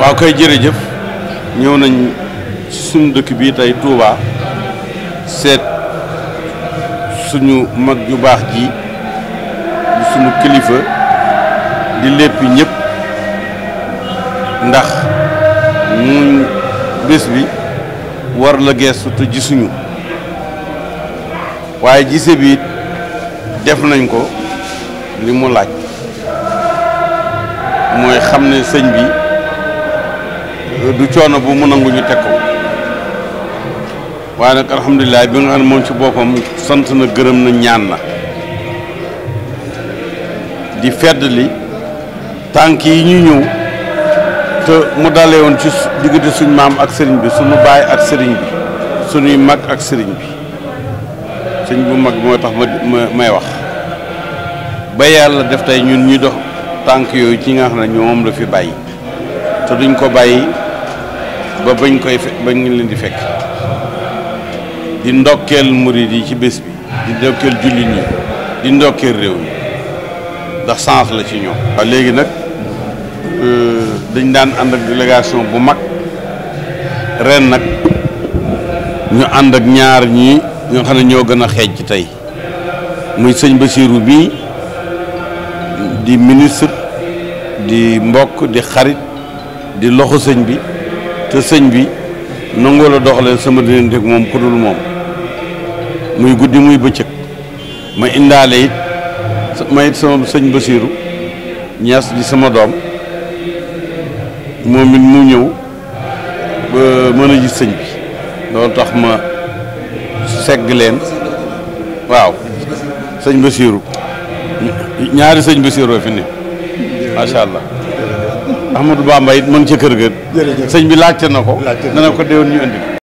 waaw kay jërëjëf ñëw nañ ci suñu dëkk bii tey Touba seet suñu mag ju baax ji di suñu kilifa di léppi ñëpp ndax mu bés bi war la geestu te gisuñu waaye gise bi def nañ ko li mu laaj mooy xam ne sëñ bi du coono bu mu nangu ñu teg ko waaye nag alhamdulilah bi nga xam ne moom ci boppam sant na gërëm na ñaan na di fedd li tànk yi ñu ñëw te mu dalee woon ci diggante suñ maam ak sëriñ bi suñu baay ak sëriñ bi suñuy mag ak sëriñ bi sëriñ bu mag mooy tax ma may wax ba yàlla def tey ñun ñu dox tànk yooyu ci nga xam ne ñoom la fi bàyyi te duñ ko bàyyi ba bañ koy fe bañ ñu leen di fekk di ndokkeel murid yi ci bés bi di ndokkeel jullit ñi di ndokkeel réew mi ndax sens la ci ñoom. waaw léegi nag euh, dañ daan ànd ak délégation bu mag ren nag ñu ànd ak ñaar ñii ñoo xam ne ñoo gën a xeej ci tey muy sëñ Bassirou bii di ministre di mbokk di xarit di loxo sëñ bi. te sëñ bi nangoo la doxalee sama digganteeg moom ku dul moom muy guddi muy bëccëg ma indaale it ma it sama sëñ Basiiru ñas di sama doom moom it mu ñëw ba mën a gis sëñ bi loolu tax ma segg leen waaw sëñ Basiiru ñaari sëñ Basiiru fi ne macha allah. Ahmadou Bamba it ma ngi ca kër ga. sëñ bi laajte na ko. laajte na ko dana ko déwén ñu indi